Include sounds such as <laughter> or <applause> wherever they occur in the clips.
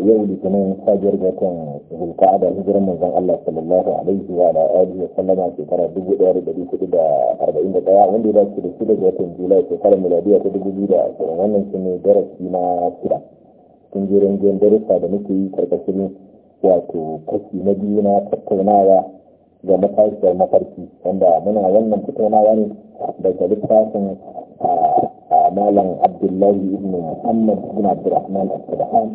yau litinin fajiyar watan zulka'ada hijirar manzon Allah sallallahu alaihi wa ala alihi wa sallama shekara 1441 wanda ya dace da shida ga watan julai shekara miladiya ta 2020 wannan shi ne darasi na shida cikin jerin jerin darussa da muke yi karkashin wato kashi na biyu na tattaunawa ga matashiyar mafarki wanda muna wannan tattaunawa ne daga littafin malam abdullahi ibn muhammad ibn abdurrahman al-qur'an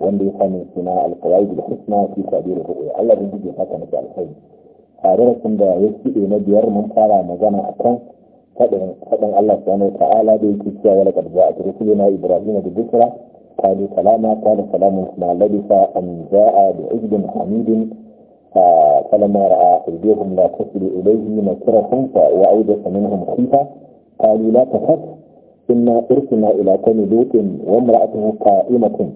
وندي خمي سنا القواعد الحسنى في تعبير الرؤيا الله بيجي حتى نجعل خير هذا ده يسقي من ديار من قال ما جانا أكن فدن الله سبحانه وتعالى دي كتير ولا قد رسلنا إبراهيم بالبشرى قال سلاما قال سلام ما لبس أن جاء بعجب حميد فلما رأى أيديهم لا تصل إليه من نكرهم وأوجس منهم خيفة قالوا لا تخف إنا أرسلنا إلى كان لوط وامرأته قائمة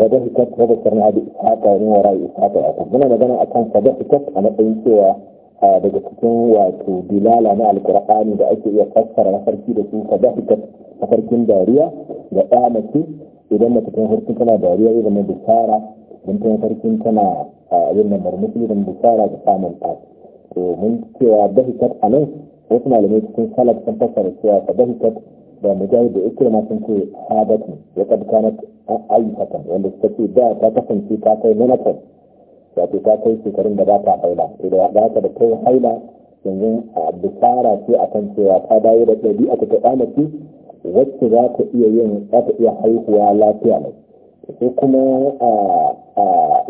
وضحكت وذكرنا بإسحاق ومن وراء إسحاق ويعقوب muna magana akan sadaqikat a matsayin cewa daga cikin wato dilala na alkur'ani da ake iya fassara mafarki da su sadaqikat mafarkin dariya da ɗa mace idan mace ta farkin tana dariya ya zama bisara don ta farkin tana yin nan murmushi da bisara da samun ɗa to mun cewa dahikat a nan wasu malamai cikin salaf sun fassara cewa sadaqikat da mujahid da ikrima sun ce habat ya kad kanat ayi hakan wanda suka ce da ta kasance ta kai menopause wato ta kai shekarun da ba ta haila to ba haka da kai haila yanzu a bisara ce akan cewa ta dawo da a ta kwanaki wacce za ta iya yin za ta iya haihuwa lafiya ne kuma a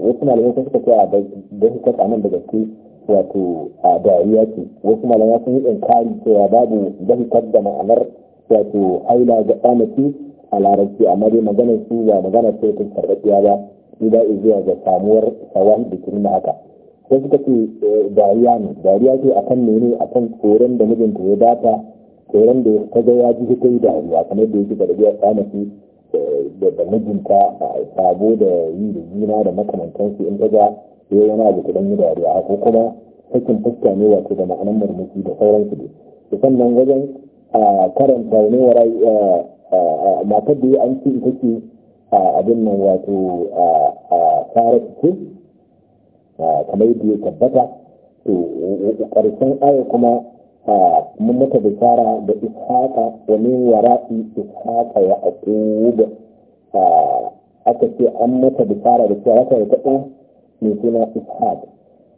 wasu malamai sun suka cewa da suka nan da gaske wato a dariya ce wasu malamai sun yi inkari cewa babu dahikar da ma'anar wato haila ga kwanaki a larabci amma dai magana su ba magana sai kun karɓaɗiya ba su da zuwa ga samuwar tsawon da kiri na haka sai suka ce eh, dariya ne dariya ce akan mene kan tsoron da mijinta ya dafa tsoron da ta ga ya ji ta yi dariya kamar da yake ji ya tsana shi eh, da mijinta eh, sabo da yi da jina da makamantansu in ta ga ya yana da kudin yi dariya ko kuma sakin fuska ne wato da ma'anar murmushi da sauransu ne sannan wajen karanta ne wa Ah, ah, matar da ya an ce ita ce ah, abin nan wato fara ce kamar yadda ya tabbata to ƙarshen aya kuma mun mata bishara da ishaƙa wa min wara'i ishaƙa ya aqub aka ce an mata bishara da cewa ta taɓa mai suna ishaƙa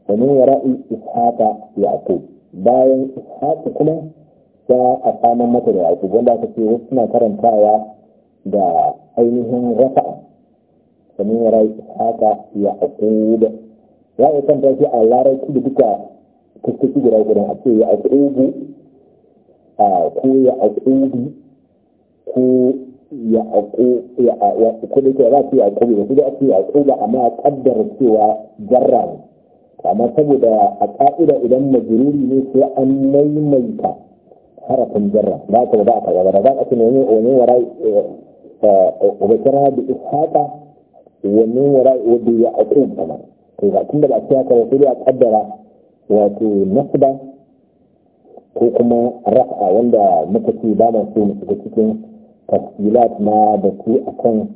wani min wara'i ishaƙa ya aqub bayan ishaƙa kuma ta a tsaman mata da yaƙi wanda aka ce wasu suna karantawa da ainihin rafa sami rai haka ya da ya yi kan shi a larabci da duka kuskure guda guda a ce ya a ko ya akubu ko ya aku ko da ke za su yi akubu da su da ake akubu amma a kaddara cewa jarra ne amma saboda a ka'ida idan majururi ne sai an maimaita harafin jarra ba ka ba ka gaba da za ka ce ne wani wara ubakira eh, eh, da ishaka wani wara wadda ya aƙin kuma to ga tun da ba su haka wasu da kaddara wato nasba ko kuma rafa wanda muka ce ba mu so mu shiga cikin tafsilat na da su akan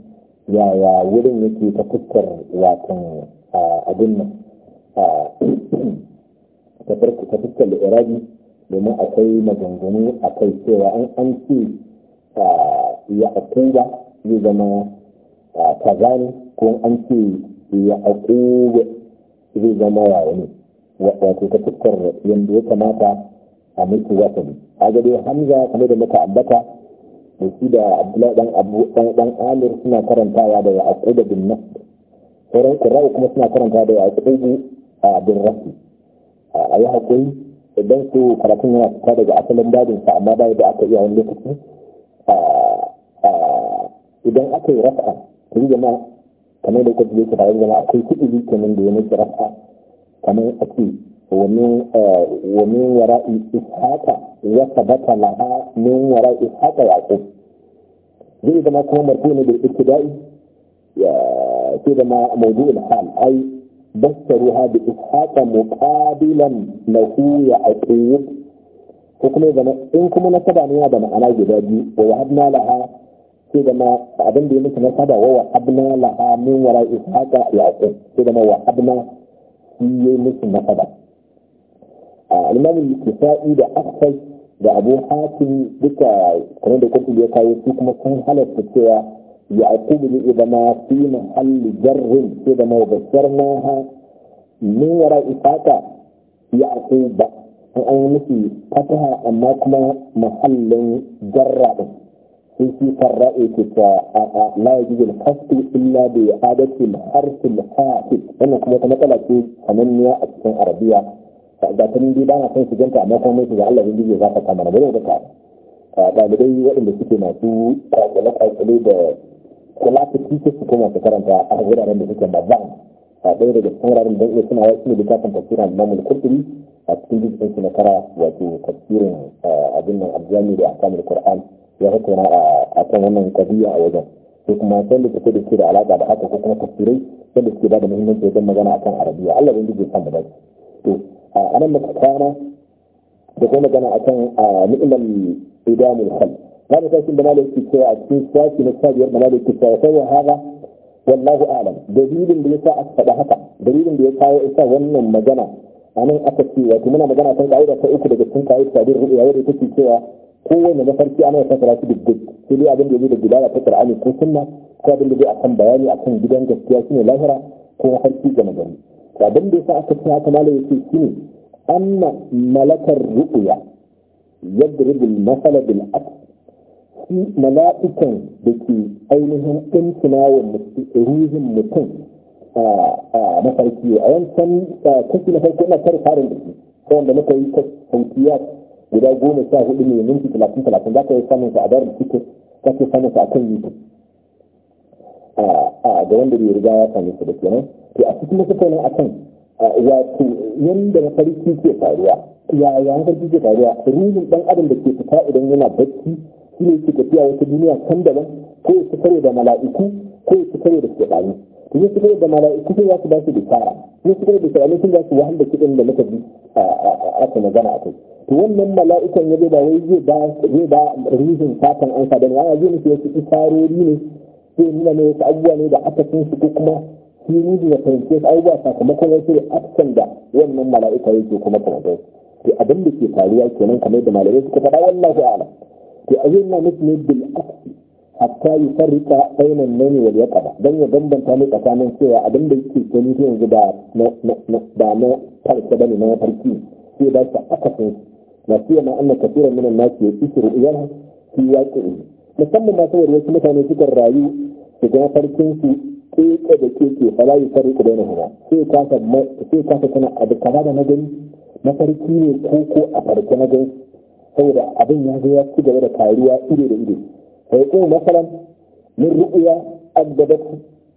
yaya wurin yake ta fuskar watan eh, abin nan <clears throat> ta fuskar da irabi domin akwai maganganu a kai cewa an an ce ya akuba zai zama kaza ne ko an ce ya akuba zai zama yawa ne wato ta fuskar yadda ya kamata a wata wasan a gado hamza kamar da muka ambata da shi da abdullahi dan abu dan amir suna karantawa da yaquba bin nasr sauran qura'u kuma suna karantawa da da bin rafi a yi hakuri idan ku karatun yana fita daga asalin sa amma ba da aka iya wani lokaci idan aka yi rafa ta yi jama'a kamar da kuka yake bayan jama'a akwai kuɗi ne kenan da ya nufi rafa kamar ake wani wara ishaka ya sabata laha min wara ishaka yaƙo zai zama kuma marfu ne da ikidai ya ce zama mawdu'ul hal ai bassaruha bi ishaqa muqabilan lahu yaqub ko kuma zama in kuma na saba ne da ma'ana guda biyu wa wahabna laha sai da ma abin ya mutu na saba wa wahabna laha min wara ishaqa yaqub sai da ma wahabna shi ya mutu na saba al-imam al-kisa'i da akhai da abu hatim duka kamar da kuma ya kawo su kuma sun halatta cewa يعقوبني إذا ما في محل جر إذا ما وبشرناها من وراء إفاقة يعقوب أي مثل فتها أماكما محل جر في في الرأي لا يجوز القصد إلا بإعادة الحرف الحافظ أنا كما تمثل في ثمانية أسفن عربية فإذا تنبي بانا كنت جنت أماكما مثل الله يجوز ذاك كما بلو بكار ɗalibai waɗanda suke masu kwakwale-kwakwale da kula ta tike su su karanta a wuraren da suke mazan a ɗaya daga cikin wuraren da suna wasu ne littafin tafsirin imamul kurkuri a cikin jikin su na kara wato tafsirin eh, abin nan abjami da akamul qur'an ya tattauna a kan wannan kadiya a wajen a kuma sai da take da suke da alaka da haka ko kuma tafsirai sai da suke ba da muhimmanci wajen magana akan arabiya Allah bin jiji san da to a anan muka kwana da kuma magana akan eh, ni'mal idamul khalq هذا ساكن بنا لك كتاب أتكين ساكن الكتاب يرمنا لك كتاب فهو هذا والله أعلم دليل بيسا أصدهك دليل بيسا وإسا ونن مجنى anan aka ce wato muna magana kan ka'ida ta uku daga cikin ka'ida ta bin ru'ya wadda take cewa kowanne mafarki ana ya fasara shi duk sai ya abin da yake da gudana ta ko sunna ko abin da zai akan bayani akan gidan gaskiya ne lahira ko mafarki ga magani abin da yasa aka ce haka malai yake shine malakar ru'ya yadribu al-masala shi mala'ikan da ke ainihin ɗin wa ruhin mutum a mafarki a yankan kashi na farko na kare farin da ke ta wanda muka yi kwanciyar guda goma sha hudu ne minti talatin talatin za ka yi samun sa a barin cikin za ka yi samun sa a kan yi a ga wanda bai riga ya same su da kenan to a cikin masu kenan a kan wato na mafarki ke faruwa yayin hankali ke faruwa ruhin ɗan adam da ke fita idan yana bacci shi ne yake tafiya wata duniya kan daban ko ya fitar da mala'iku ko ya fitar da shaɗani to zai fitar da mala'iku sun za su ba su bishara zai fitar da shaɗani sun za su wahal da kiɗan da muka bi kuma gana a kai to wannan mala'ikan ya ba wai zai ba zai ba rihin fatan an sa da ne ana zai musu wasu isarori ne sai nuna ne wasu abubuwa ne da aka sun su ko kuma shi ne da fahimce su abubuwa sakamakon wasu action da wannan mala'ika yake kuma kamar to abin da ke faruwa kenan kamar da malamai suka faɗa wallahu a'lam to a zai na ne bil aksi hatta yi farrika bainan nani wal kaba don ya bambanta ne tsakanin cewa abin da yake gani ta yanzu ba na ba na na farki sai da ta su na siya ma na kafiran min an-nas yaqisru ya fi ne musamman ma saboda wasu mutane suka rayu su ga farkin su keke da keke fara yi farrika bainan huma sai kasa sai kasa kana abu kaza da na gani na farki ne ko ko a farko na gani saboda abin ya zo ya ci gaba da taruwa ido da ido fa kuma masalan min ru'ya addabat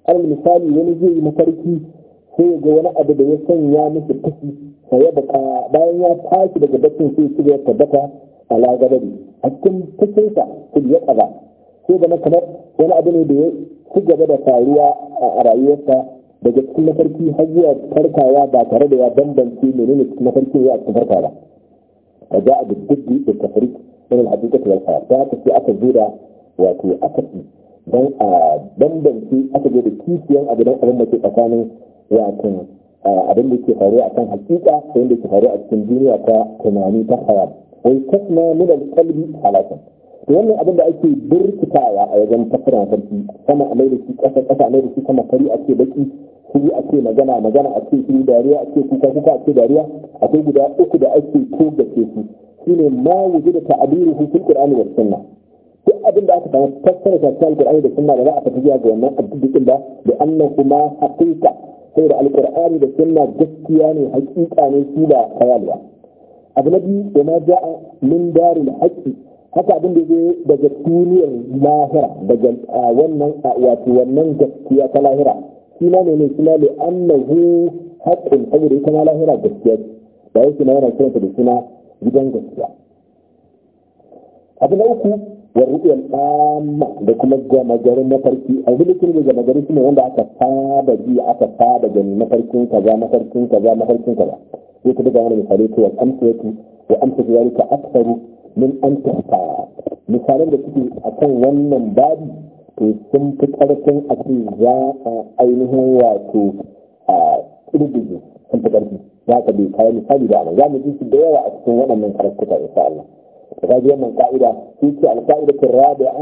al misali wani zai yi mafarki sai ga wani abu da ya sanya miki tafi sai ya baka bayan ya tashi daga bakin sai ci gaba tabbata ala gadari a cikin cikinsa ku ya kaza sai ga kamar wani abu ne da ya ci gaba da taruwa a rayuwarsa daga cikin mafarki har zuwa farkawa ba tare da ya bambance menene cikin mafarkin ya a cikin farkawa ba فجاء بالجد بالتفريق من الحقيقة والخيال فهذا في أكد زورة وفي أكد don a bambance aka je da kishiyan abu don abin da tsakanin wato abin da ke faruwa a kan hakika da yadda ke faruwa a cikin duniya ta tunani ta haram wai kasna min al-qalbi halatan wannan abin da ake burkitawa a wajen tafiran sarki sama a mai da shi ƙasa ƙasa a mai da shi sama fari a ce baki kuri a ce magana magana a ce kuri dariya a ce kuka kuka a ce dariya akwai guda uku da ake kogace su ne ma wuce da ta'abiru hukun qur'ani wa sunna duk abin da aka samu fassara ta Al-ƙur'ani da sunna da za a fata zuwa ga wannan addu'in ba da annan kuma haqiqa saboda alqur'ani da sunna gaskiya ne haqiqa ne su ba khayal ba abu na biyu da ma ja'a min daril haqqi haka abin da zai daga duniyar lahira daga wannan wato wannan gaskiya ta lahira suna ne ne suna ne annahu haƙƙin saboda ita ma lahira gaskiya da yake na yana kiranta da suna gidan gaskiya abu na uku wa ru'yal amma da kuma gama na farki abu da kuma gama garin shine wanda aka saba ji aka saba gani mafarkin kaza farkin kaza mafarkin kaza sai ka daga wani misali to wa amsatu wa amsatu zalika aktsaru min an misalin misalan da suke akan wannan babi to sun fi ƙarfin a ce za a ainihin wato a ƙirgiji sun fi ƙarfi za ka bai kayan misali da za mu ji su da yawa a cikin waɗannan karatuka insha Allah da ga wannan ka'ida su ce al-ka'idatul rabi'a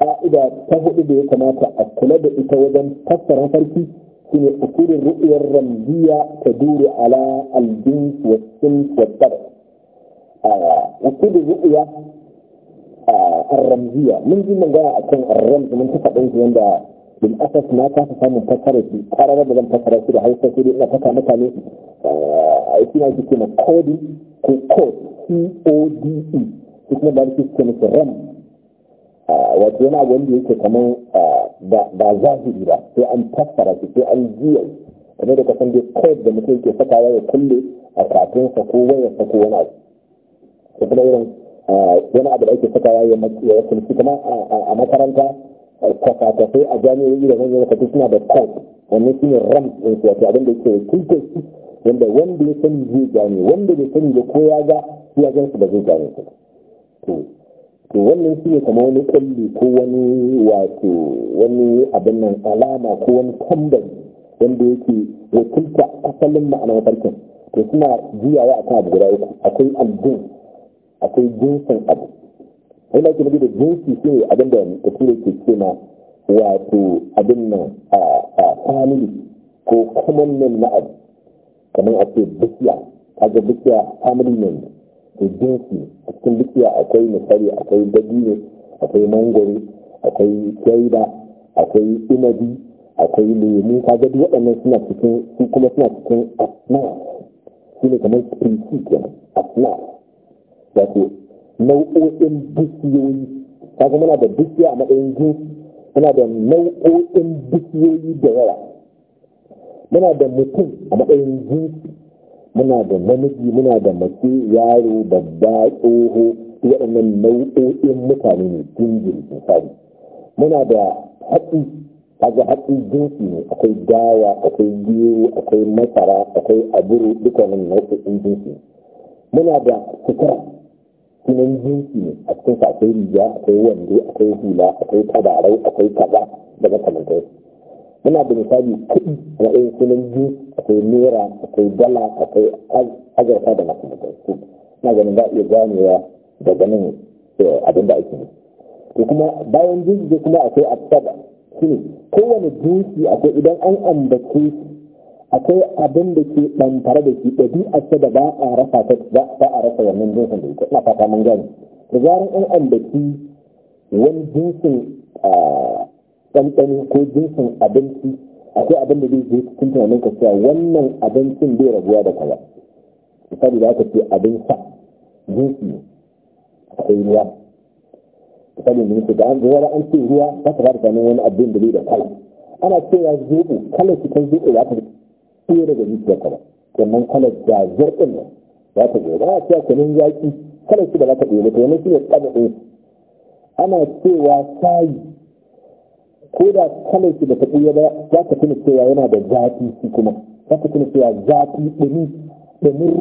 ka'ida ta hudu da ya kamata a kula da ita wajen fassara farki shine usulin ru'yar ramziya ta dure ala al-jins wasu usudu ru'ya arramziya mun ji magana akan arramzi mun ta faɗin shi wanda bin asas na kasa samun fassara shi da zan fassara shi da hausa sai dai ina fata mutane a yi suna ke kodi ko code c-o-d-e su kuma da su ke su ram wato yana wanda yake kamar ba zahiri ba sai an fassara shi sai an jiya kamar da kasan dai kodi da mutum ke fata ya kulle a sa ko sa ko wani ko kuma irin wani abu da ake sakawa ya wakilci kuma a makaranta kwakwakwafai a jami'o'i da manyan wakilci suna da kwan wannan shi ne ram ɗin su wato abin da yake wakiltar wanda wanda ya sani zai gane wanda bai sani da ko ya ga ya gan su ba zai gane su to to wannan shi ne kamar wani kulli ko wani wato wani abin nan alama ko wani tambari wanda yake wakilta asalin ma'anar farkin to suna juyawa akan abu guda uku akwai aljin akwai jinsin abu ai da ke nufi da jinsi shi ne abin da bature ke ce ma wato abin nan a family ko common name na abu kamar a ce bishiya kaga bishiya family name da jinsi a cikin bishiya akwai misali akwai dabino akwai mangoro akwai kyaida akwai inabi akwai lemu kaga duk waɗannan suna cikin su kuma suna cikin asna shi ne kamar species kenan asna wato nau'o'in bishiyoyi kaga muna da bishiya a matsayin jinsi muna da nau'o'in bishiyoyi da yawa muna da mutum a matsayin jinsi muna da namiji muna da mace yaro babba tsoho waɗannan nau'o'in mutane ne jinjiri misali muna da haɗi kaga haɗi jinsi ne akwai dawa akwai gero akwai masara akwai aburu dukkanin nau'o'in jinsi muna da sutura cikin jinsi ne a cikin akwai rija akwai wando akwai hula akwai tabarau akwai kaza da ga kamantar muna da misali kuɗi a matsayin sunan jinsi akwai naira akwai dala akwai azurfa da masu makamantar su na ganin za a iya ganewa daga nan eh, abin da ake nufi to kuma bayan jinsi kuma akwai asaba shi ne kowane jinsi akwai idan an ambace akwai abin da ke ɗantare da shi ce da ba a rasa ta ba a rasa wannan jinsin da ita ina fata mun gani da zarar an ambaci wani jinsin ɗanɗani ko jinsin abinci akwai abin da zai je cikin tunanin ka cewa wannan abincin bai rabuwa da kaza misali za ka ce abin sa jinsi akwai ruwa misali da nake da an zuwa an ce ruwa ba ta ba da wani abin da bai da kala ana cewa zobo kala kan zobo za ta ɗaya daga zuciyarka ba sannan kalar da zarɗin nan za ta zo ba a cewa kunun yaƙi kalar shi da za ta ɗaya ta yana shi ne ƙada ɗaya ana cewa sayi ko da kalar shi da ta ɗaya ba za ta tuna cewa yana da zafi shi kuma za ta tuna cewa zafi ɗumi ɗumin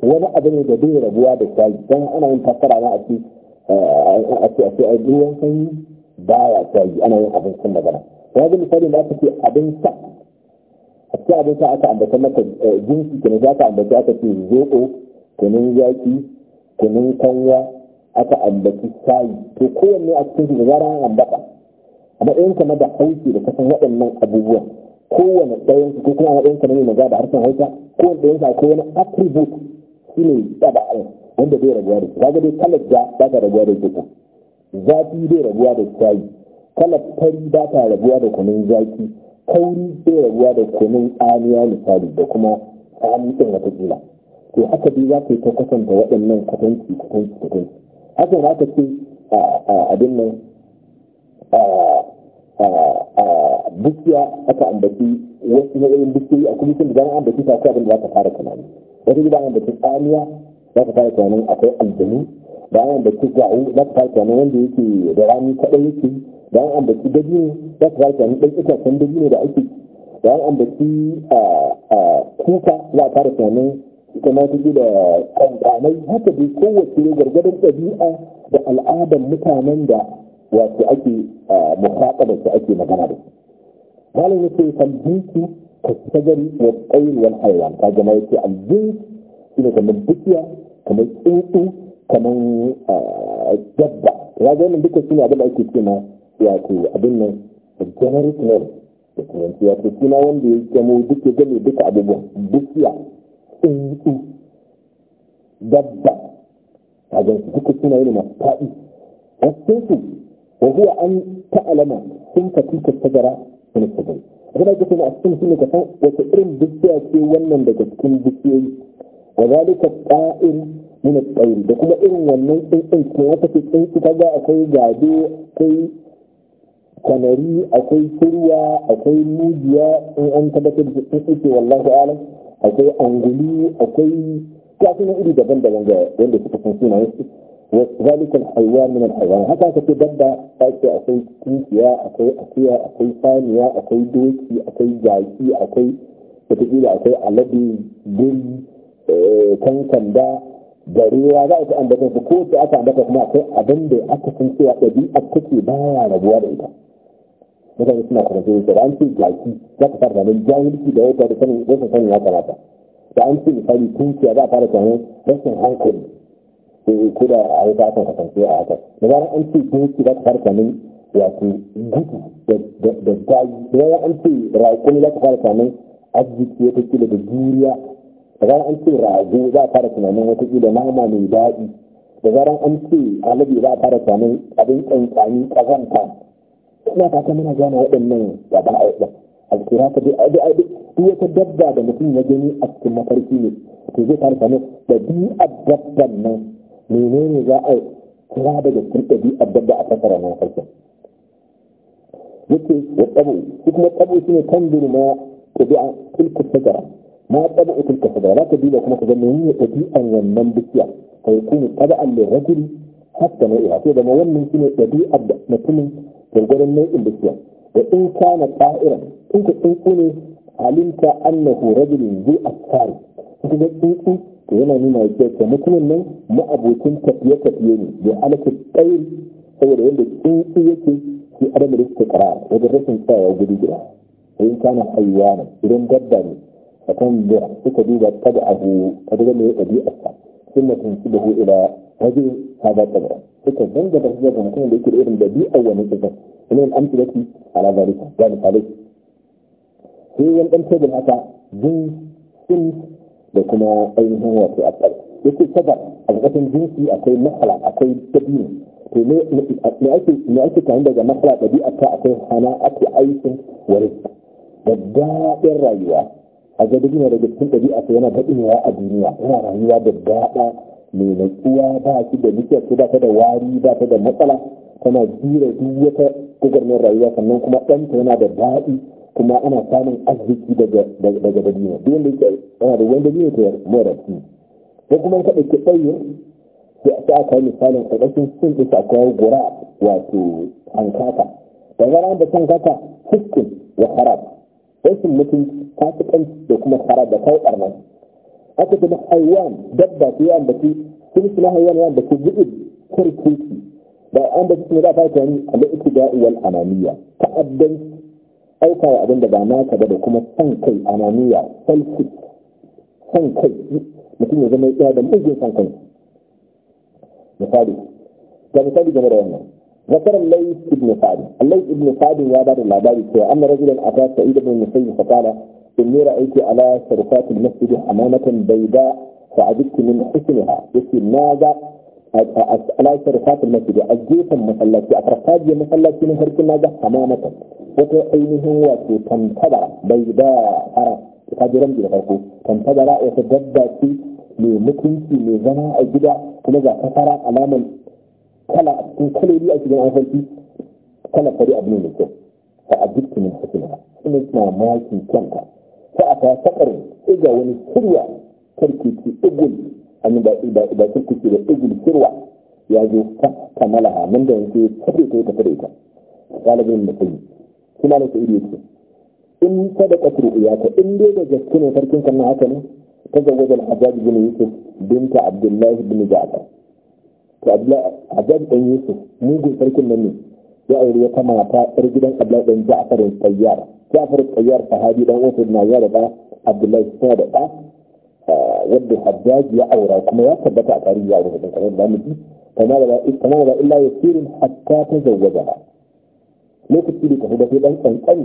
ruwan wani abu ne da bai rabuwa da sayi don ana yin fassara na a ce eh, a ce a ce a ruwan sanyi ba ya sayi ana yin abin sun magana. Yanzu misalin da aka ce abin sa hatta abin sa aka ambata maka eh, jinsi kenan za ka ambata aka ce zoɓo kunun zaki kunun kanya aka ambaci shayi to kowanne a cikin da zara an ambata a matsayin kama da hauki da kasan waɗannan abubuwan kowane ɗayan ko kuma a matsayin kama ne maza da harshen hausa kowane ɗayan sa ko wani attribute shi ne ɗaba'in wanda bai rabuwa da shi kaga dai kalar ja ba ta rabuwa da shi zafi bai rabuwa da sayi kalar fari ba ta rabuwa da kunun zaki kauri da rabuwa da kunun tsaniya misali da kuma tsani ɗin jila to haka dai za ka yi ta kwatanta waɗannan kwatanci kwatanci kwatanci za ka ce abin nan dukiya aka ambaci wasu nau'in dukiyoyi a kuma sun da zama ambaci ta kuwa abinda za ka fara tunani wata gida ambaci tsaniya za ka fara tunanin akwai aljanu bayan da ta gawo za ka fara tunanin wanda yake da rami kaɗai yake da an ambaci dabino za ka zaki ɗan itacen dabino da ake da an ambaci kuka za a fara sami ita ma take da kankanai haka dai kowace gargadon ɗabi'a da al'adar mutanen da wato ake musaƙa da su ake magana da su malam yake tambiki ka sagari wa ƙairi wal haiwan ka gama yake aljin shi ne kamar dukiya kamar tsuntsu kamar dabba ya ga wannan duka shi ne abin da ake ce wato abin nan generic name da turanci wato suna wanda ya gamo duk ya game duka abubuwan bukiya tsuntsu dabba a gansu duka suna yin masu faɗi wasu su wa zuwa an ta'alama sun fatika tagara sun tagari a da kuma a cikin ka san wata irin dukiya ce wannan daga cikin bishiyoyi wa zalika ta'ir min at da kuma irin wannan tsuntsun kuma wata ce tsuntsu kaga akwai gado kai. kanari akwai kurwa akwai mujiya in an tabbatar da sun suke wallahi ala akwai angulu akwai kasunan iri daban-daban ga wanda suka san sunayen su وذلك الحيوان من الحيوان هكا تتبدا تاكي اكوي كيكيا اكوي اكويا اكوي ثانيا اكوي دوكي akwai جاكي akwai wataƙila akwai alade guri eh, kankanda da ruwa za a ta ambata su ko ta aka ambata kuma akwai abin da aka san cewa ɗabi'a take baya rabuwa da ita mutane suna karatu da an ce jaki za ka fara ganin jahilci da yadda da sanin yadda sanin ya kamata da an ce misali tunkiya za a fara tunanin rashin hankali eh, ko da a yi ta kasance a haka da zarar an ce tunki za ka fara tunanin wato gudu da daji da zarar an ce raƙon za ka fara tunanin arziki wata kila da juriya da zarar an ce rago za a fara tunanin wata kila nama mai daɗi da zarar an ce alabi za a fara tunanin abin tsantsani ƙazanta ina fata muna gane waɗannan gaban aiki alkira ta duk wata dabba da mutum ya gani a cikin mafarki ne to zai fara samu ɗabi'ar dabban nan menene za a kira daga cikin ɗabi'ar dabba a fasara na farko yake wa tsabu shi kuma tsabu shi ne kan ma ɗabi'a tilka sajara ma tsabu tilka sajara za ka duba kuma ka ga menene ɗabi'ar wannan bishiya fa yakunu taba'an lirajuli hatta na'iha sai da ma wannan shi ne ɗabi'ar da mutumin gurgurin nau'in bishiya da in kana ƙa'ira in ka tsuntsu ne halinta annahu rajulun zu asari in ka ga tsuntsu to yana nuna ya kyauta mutumin nan ma'abocin tafiye-tafiye ne da alaƙa tsayin saboda wanda tsuntsu yake shi adam da suka ƙara wajen rashin tsayawa gudu gida in kana ayyana idan dabba ne akan da suka duba da abu kada ne ya ɗabi'arsa sun mutum su da ila waje ta ba ta ba suka zanga da hujjar da mutum da yake da irin dabi'a wani tsibir ina yin amsa yake a labarika ya da kalai sai yan dan tebur haka jin da kuma ainihin wato a tsar ya ce saba a ƙasashen jinsi akwai mahala akwai dabi'a to me ake me ake daga mahala dabi'a ta akwai hana ake aikin wurin da daɗin rayuwa a gadi na daga cikin ɗabi'a ta yana daɗinwa a duniya yana rayuwa da daɗa mai natsuwa ba shi da su ba ta da wari ba ta da matsala tana jira duk wata gugarmin rayuwa sannan kuma ɗanta yana da daɗi kuma ana samun arziki daga daga dabino duk wanda yake yana da wanda ne ta mora ci ko kuma ka ɗauki tsayin sai a aka yi misalin ƙarƙashin sun ɗin kwayar gura wato hankaka daga ran da kaka hukun wa harab rashin mutunci ɗan da kuma harab da kawo ɓarnar aka kuma haiwan dabba ta yi ambaci sun suna haiwan ya ambaci bu'id kurkuki da an da kuma za ta tani a lokaci da wal ananiya ta'addan aika wa abin da ba naka ba da kuma san kai ananiya selfish san kai mutum ya zama ya da mugun san kai misali ga misali game da wannan ذكر الليث بن سعد الليث بن سعد يا بعد العباد أن رجلا أتى سعيد بن المسيب فقال إني رأيت على شرفات المسجد حمامة بيضاء فعجبت من حسنها يسي ماذا على شرفات المسجد أجيسا مسلاتي أترفاجي مسلاتي من هرك ماذا حمامة وتعينه عينهم واتي تنتظر بيضاء أرى تقدر رمجي لغرقو تنتظر وتجدى في لمكنتي لزنا أجدا كما ذا فترى أماما كلا كل كلا لي أجدا أفلتي كلا فريق أبنين الجو فعجبت من حسنها إنه ما ماكي كنتا a ta sakar ga wani shirya kirkici igul amin ba ba kirkici da igul shirya ya zo ta kamala nan da yake kafe ta tafi da ita galibin mutum kuma da ta iri ce in sadaka ru'yaka in dai da gaske ne sarkin kan haka ne ta ga wajen hajjaj bin yusuf binta abdullahi bin ja'far to abdullahi hajjaj bin yusuf mugun sarkin nan ne ya aure wata mata yar gidan abdullahi bin ja'far sayyara Jafar Qayyar sahabi dan wasu na ya da Abdullahi sai da da wanda Haddad ya aura kuma ya tabbata a tarihi ya aure da kamar da miji Kana da kamar da illa yasirin hatta tazawwaja lokaci da kafa sai dan kankani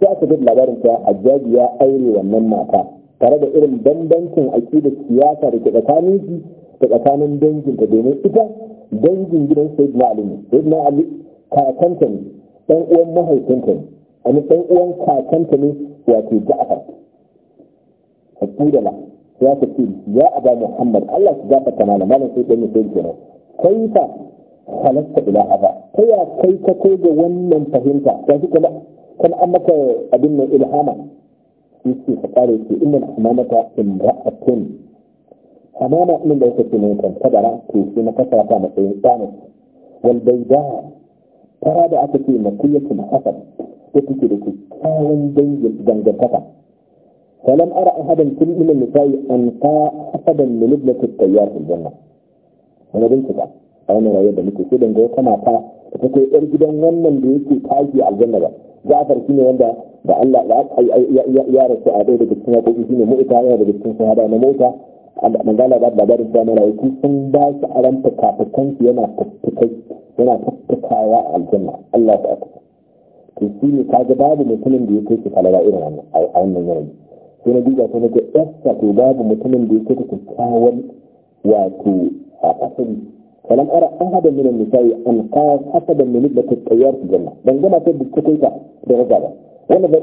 sai aka ga labarin ta Haddad ya aure wannan mata tare da irin bambancin aƙidar siyasa da ke tsakanin shi da tsakanin danginta domin ita dangin gidan Sayyidina Ali Sayyidina Ali kakanta ne dan uwan mahaifinta ne wani ɗan uwan kakanta ne wato ja'far hakudala ya ta ce ya aba muhammad allah su gafarta mana malam sai ɗan mutum kenan kai fa halatta ila aba ta ya kai ka kai ga wannan fahimta ta shi kuma kan an maka abin nan ilhama yake ka kare ce inna hamamata imra'atun hamama din da yake ce ne kan kadara to sai na kasara ta matsayin tsanin wal bayda tara da aka ce makiyatul hasad ko kuke da kyakkyawan dangantaka falam ara ahadan kun min misali an ta hasadan min ibnati tayyar fil janna wani bincika a wannan rayuwar da muke so dangane wata mata da ta kai yar gidan wannan da yake tashi aljanna ba Ja'far shine wanda da Allah ya rasu a ɗaya daga cikin haƙoƙi shine mu'ita yana daga cikin shahada na mota magana ba labarin da mara yake sun ba shi a ran fuka yana fuffukai yana fuffutawa aljanna Allah ta aka to shi ne kaga babu mutumin da ya kai ki falala irin wannan a wannan yanayi sai na duba ta nake yasta to babu mutumin da ya kai ki kyakkyawan wato a asali falam ara ahadan min an-nisa'i an qas asadan min ibnati at-tayyar fi janna dan gama ta duk kai ka da raga ba wannan ba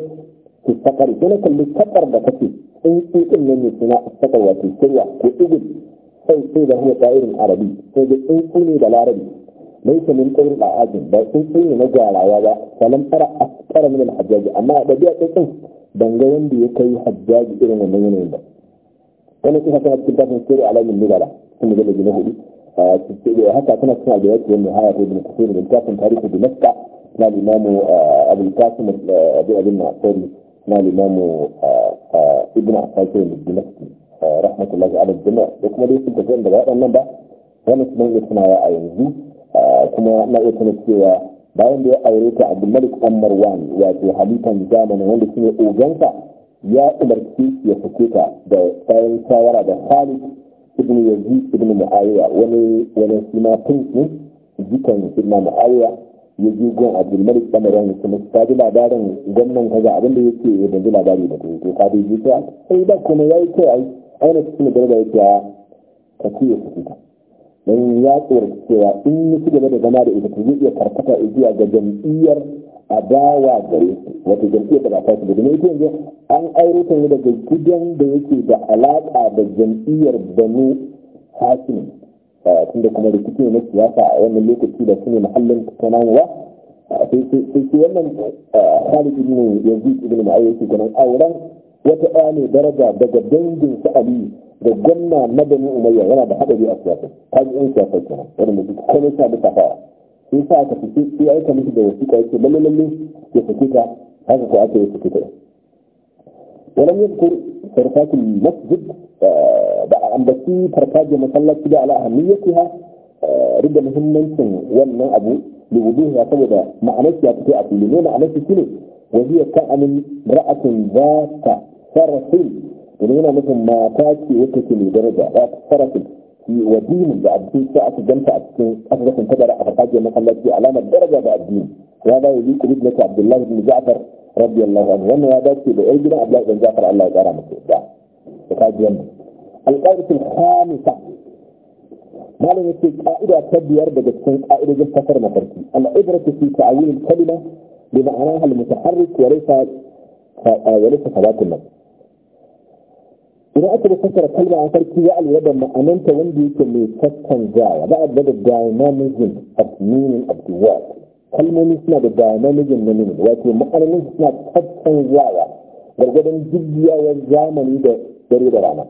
ki sakar sai na kalli sakar da kake in tsikin nan ne suna sakar wato sirwa ko igul sai sai da huwa arabi sai da tsinki ne da larabi ليس من قول العاجم بل قول نجعل عوابا فلم ترى أكثر من الحجاج أما بديع تسن بنجوان بيكي حجاج إلى من ينين بس وانا كيف كانت كتاب من سيري على من نجعل ثم جل جنوه حتى كنا سنع بيات والنهاية في ابن كثير من كاف تاريخ بمكة نا الإمام آه، أبو القاسم آه، أبو أبي النعصري نا الإمام آه، ابن عساكر الدمشقي رحمة الله على الجميع وكما ليس التفاهم بغير النبا بقى wani يا ya kuma na ita cewa bayan da ya aure ta abdulmalik dan marwan wato halitan zamanin wanda shine ogansa ya umarci ya sake ta da bayan shawara da khalid ibn yazid ibn muawiya wani wani suna tunki jikan ibn muawiya ya ji abu abdulmalik dan marwan kuma ta ji labarin gwamnan kaza abinda yake ya danji labari da kuma ka ji ta sai da kuma yayi kai aina cikin da ya yake ka ce ya sake ta don ya tsoron cewa in yi su gaba da zama da ita zai iya karkata zuwa ga jam'iyyar adawa gare su wata jam'iyyar da ba ta su da domin yanzu an aure ta daga gidan da yake da alaƙa da jam'iyyar banu hakim tunda kuma rikici na siyasa a wannan lokaci da su ne mahallin tattaunawa sai sai wannan Khalid ibn Yazid ibn Mu'ayyid yake auren wata ɗaya daraja daga dangin su Aliyu da gwamna na bani umayya yana da haɗari a siyasa kan yan siyasa kenan wanda su komai sa da tafawa sai sa aka fi sai aika musu da wasiƙa yake lalle lalle ya sake ta haka ko aka yi sake ta ولم يذكر تركات المسجد ambaci farfajiyar masallaci da ala ahamiyatiha rida muhimmancin wannan abu da wuduhu ya saboda ma'anar ya fito a fili ne ma'anar shi ne wajiyar ka'anin ra'atun za ta sarrafin ونقول مثل ما تاتي وكتي من درجة لا تفرق في ودين بعد بعدين ساعة جمسة أفضل من تدر أفضل من قلت في علامة درجة بعدين وهذا يليك ابنة عبد الله بن جعفر رضي الله عنه وما يداتي بعيدنا عبد الله بن جعفر الله يجعل عمك إبداع وقال جمع القائدة الخامسة ما لم يكن قائدة تبدي أربعة تكون قائدة جمسة فرمة فرسي العبرة في تعويل الكلمة بمعناها المتحرك وليس وليس فلاك النظر idan aka da fassara kalma a sarki ya alura da ma'ananta wanda yake mai tattanzawa ba a da dynamism of meaning of the word kalmomi suna da dynamism na meaning wato ma'anonin suna tattanzawa gargadon jigiyawar zamani da dare da rana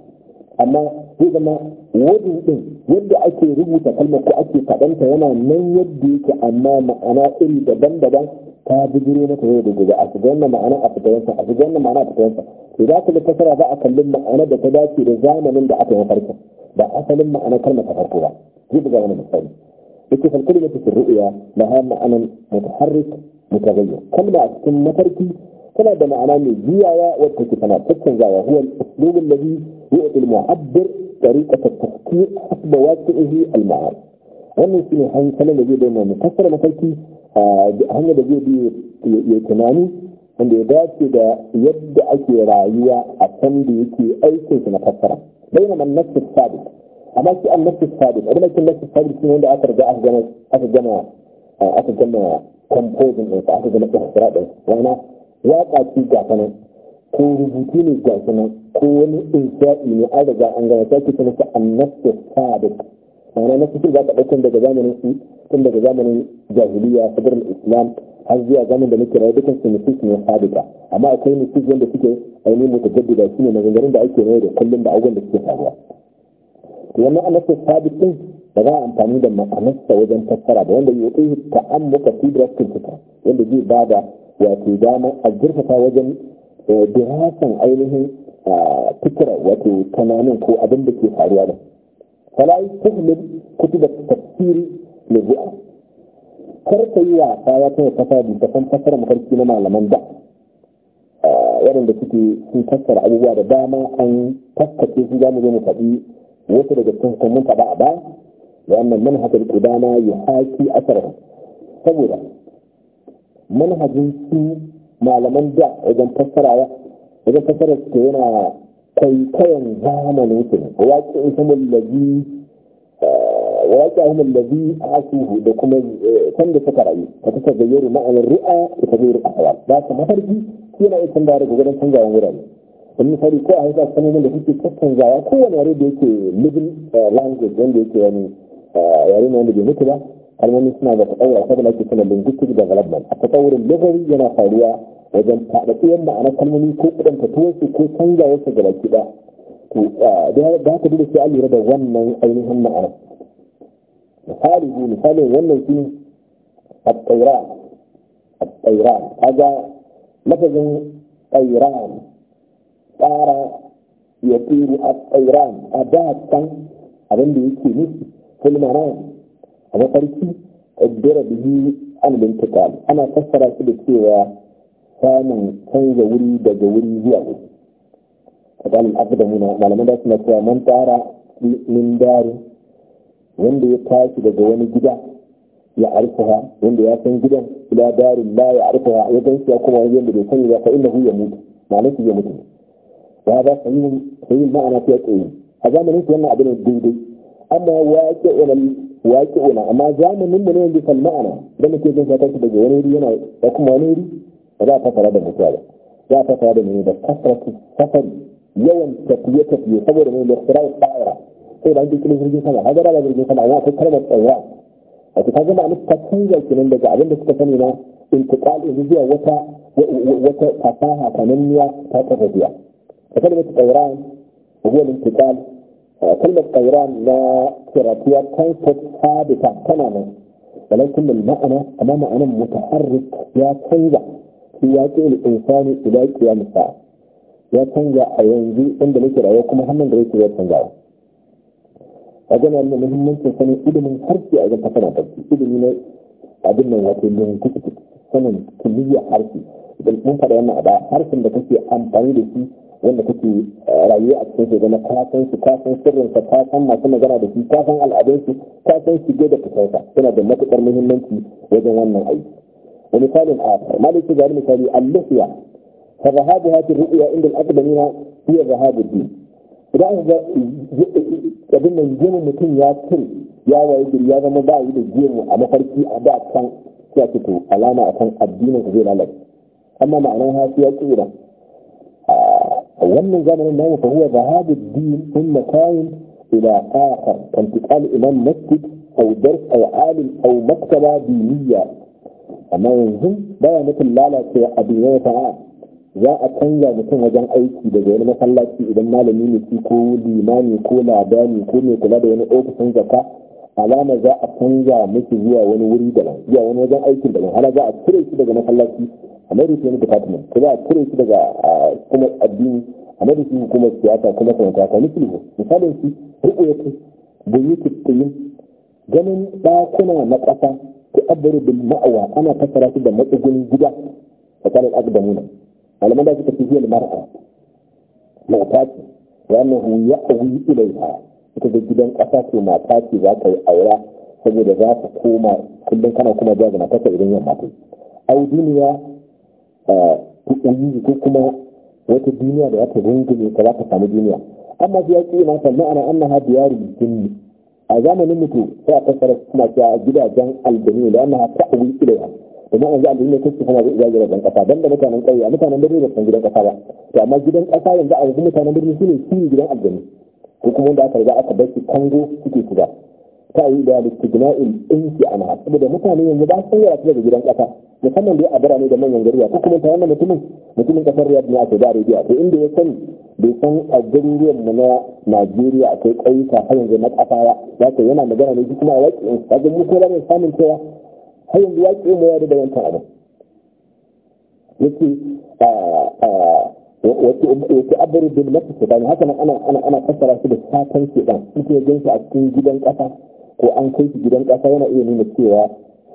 amma zai zama wajen din yadda ake rubuta kalmar ko ake kaɗanta yana nan yadda yake amma ma'ana iri daban-daban تابدرين تهيد جزء أتجنن معنا أبتدأنسا أتجنن معنا أبتدأنسا في ذاك اللي فسر ذا أكلم معنا بتداتي رزاما من دعاتي وفركة ذا أكلم معنا كلمة فركوها جيب جوانا من الصين إتي فالكلمة في الرؤية لها معنا متحرك متغير كلمة أتكلم متركي كما بمعنى زيايا والتكفنا فتن زايا هو الأسلوب الذي يؤتي المعبر طريقة التفكير حسب واسعه المعارض ومن سنة حسنة نجيب أنه مكسر متركي hanyar da zai bi ya tunani wanda ya dace da yadda ake rayuwa a can da yake aikin na fassara bai na mannasu sabit amma shi an nasu sabit abin da ke nasu sabit shi wanda aka riga aka gama aka gama composing ɗinsa aka gama fassara ɗin wani waƙa ce gafa nan ko rubutu ne gafa nan ko wani insha'i ne an riga an gama sai ke sa an nasu sabit ma'ana na kusur za ka ɗaukun daga zamanin su tun daga zamanin jahiliya sadar islam har zuwa zamanin da muke rayu dukkan su nusus ne sabita amma akwai nusus wanda suke ainihin mutajaddida ne maganganun da ake rayu da kullum da abubuwan da suke faruwa wannan annabi sabit din ba za a amfani da ma'anarsa wajen tattara ba wanda ya yi ta'ammuka fi drastin fita wanda zai ba da wato dama a zurfafa wajen eh, dirasan ainihin ah, fikira wato tunanin ko abin da ke faruwa da فلا يستهمل كتب bua kar ka yi wasa ya kai kasa da san fassara mafarki na malaman da ah, waɗanda suke sun fassara abubuwa da dama an taskace su za mu zo mu faɗi wasu daga cikin sannan faɗa a baya da wannan manhajar kudana ya haki asar saboda manhajin su malaman da wajen fassara wajen fassara su yana kwaikwayon zamanin su ne waƙi ihimul labi eh, waƙi ihimul labi a asuhu da kuma can eh, da suka rayu ta ta tagayyar ma'anar ru'a da zai ahwal ba su mafarki yana iya canza daga gudan canzawan wurare in misali ko a hausa sanonin da suke canzawa kowane yare da yake living eh, language wanda yake wani yare ne wanda bai mutu ba المهم اسمع بتطور قبل اي كلمه بنقول كده غلط من التطور اللغوي هنا فاليا وجن تعطيه معنى كلمه كو قدام تطور كو سنجا وسط غلط كده تو آه، ده ده كده السؤال يرد ون اي هم معنى مثال يقول مثال ون في الطيران الطيران هذا لفظ طيران طار يطير الطيران اداه تن ابن بيتي في المعنى a mafarki ƙaddara biyu al-intiqal ana fassara su da cewa samun canza wuri daga wuri zuwa wuri kadan al muna malaman da suna cewa man tara min dare wanda ya tashi daga wani gida ya arfaha wanda ya san gidan ila darin la ya arfaha ya gan shi kuma wanda bai sani ba fa innahu ya mutu ma'anar ya mutu ya ba sanin sanin ma'ana fiye tsaye a zamanin su wannan abin daidai amma ya ke wani. waƙi'una amma zamanin mu ne yanzu kan ma'ana da muke jin sa tashi daga wani wuri yana da kuma wani wuri ba za a fasara da mutuwa ba za a fasara da ne da kasratu safari yawan tafiye tafiye saboda ne da sirar tsara sai da an jikin jirgin sama har da jirgin sama amma akwai kalmar tsaya a ta gaba an ta canza kinan daga abin da suka sani na intiqal zuwa wata wata fasaha kananniya ta tafiya ta kalmar tsaya هو الانتقال كلمة طيران لا ترابية كونسبت ثابتة تماما ولكن المعنى أما معنى متحرك يا تنجع في ياتي الإنسان إلى قيام الساعة يا تنجع أينجي عند ليس رأيكم محمد رئيس يا تنجع أجل أن مهم سنة إذا من حرفي أجل تفنى تبكي إذا من أجل من واتي من كتب سنن كمية حرفي إذا ممكن أن أبا حرف لكي أمطاني لكي wanda kake rayuwa a cikin su zama ka san su ka san sirrin ka ka san masu magana da su ka san al'adun su ka san shige da fitar yana da matukar muhimmanci wajen wannan aiki wa misalin akhar maliki ga misali al-lihya fa zahabu hadhihi ru'ya inda al-aqdamina hiya zahabu din idan ga abin nan jinin mutum ya tur ya waye gari ya zama ba yi da gemu a mafarki a da kan ya fito alama akan addinin zai lalace amma ma'anar hasiya tsira أول من زمن الموت هو ذهاب الدين ثم كائن إلى آخر كانتقال إمام مسجد أو درس أو عالم أو مكتبة دينية أما ينزل بايا لا لا في أبينا تعالى ذا أتنجى مثل وجان أي شيء بجاء لما صلى في إذا ما لم يمسي كو ديمان يكو لعبان يكو يكو لابا يعني أوك سنجا كا علامة ذا أتنجى مثل هي وانو وريد لها هي وانو وجان أي شيء بجاء هلا ذا a mai department kuma a cire shi daga kuma addini a mai kuma siyasa kuma sanata ta nufi ne misalin su riko ya kai yi ganin ɗakuna na kasa ta abubuwa da ma'awa ana fassara su da matsugunin gida tsakanin akdamuna malaman da suka fi zuwa mar'a mata ce wannan wuyi ilai ilaiha ita da gidan ƙasa ce na ce za ka yi aura saboda za ka koma kullum kana kuma jaga na ta idan yamma ta yi duniya ubangiji ko kuma wata duniya da ta rungume ka za ta samu duniya amma sai ya ce ma sannan ana an ha diyaru jinni a zamanin mutu sai a kasar kuma cewa gidajen aljanu da ana ta abu ilaiha domin yanzu aljanu ne kuke kuma zai gidan dan kasa dan da mutanen ƙauye mutanen birni ba san gidan ƙasa ba to amma gidan ƙasa yanzu a yanzu mutanen birni shine shi gidan aljanu ko kuma wanda aka riga aka bar shi kongo suke shiga ta yi da in inki ana saboda mutane yanzu ba su yawa daga gidan ƙasa musamman dai a birane da manyan gariya ko kuma ta wannan mutumin mutumin ƙasar riyad ne a saudi biya? to inda ya sani bai san a garuruwan mu na najeriya akwai ƙauyuka har yanzu na ƙasa ya za ka yana magana ne kuma a waƙi in ka mu ko ranar samun cewa har yanzu waƙi mu ya da wancan abu yake wato abubuwan da mafi ke haka nan ana kasara su da satan ke ɗan suke gansu a cikin gidan ƙasa ko an kai shi gidan ƙasa yana iya nuna cewa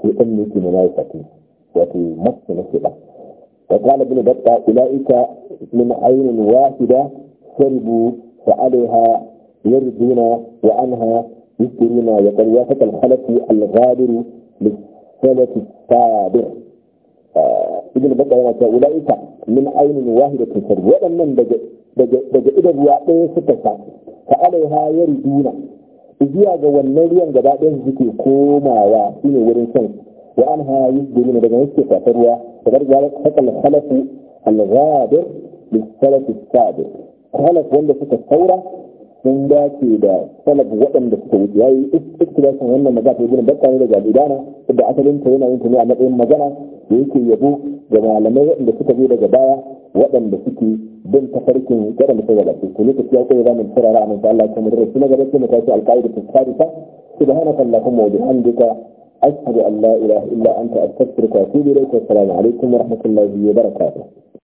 shedan ne ke nuna yasafi wato masu na shedan وقال ابن بطة أولئك من عين واحدة شربوا فعليها يردون وعنها يذكرون وقد وافق الخلف الغادر للسلف السابع ابن بطة يقول أولئك من عين واحدة شربوا ولم من بجئ بجئ إذا الواقع ستة فعليها يردون zuwa ga wannan ruwan gaba ɗayan su suke komawa shi ne wurin son wa an ha yi ne daga nan suke tafar ruwa da gargarar hakal halafu al-ghadir da salafu wanda suka saura sun dace da salaf waɗanda suka wuce yayi ikhtilafin wannan magana ta gudun da ne daga gudana da asalin ta yana yin ta ne a matsayin magana da yake yabo ga malamai waɗanda suka zo daga baya waɗanda suke bin tafarkin waɗanda suka gabace ku lokaci ya kai zamu tsara ra'ayin Allah ya kamar rasu na gaba ce mata shi alƙaida ta tsarisa subhanaka allahumma wa bihamdika ashhadu an la ilaha illa anta astaghfiruka wa atubu ilayk wa assalamu alaikum wa rahmatullahi wa barakatuh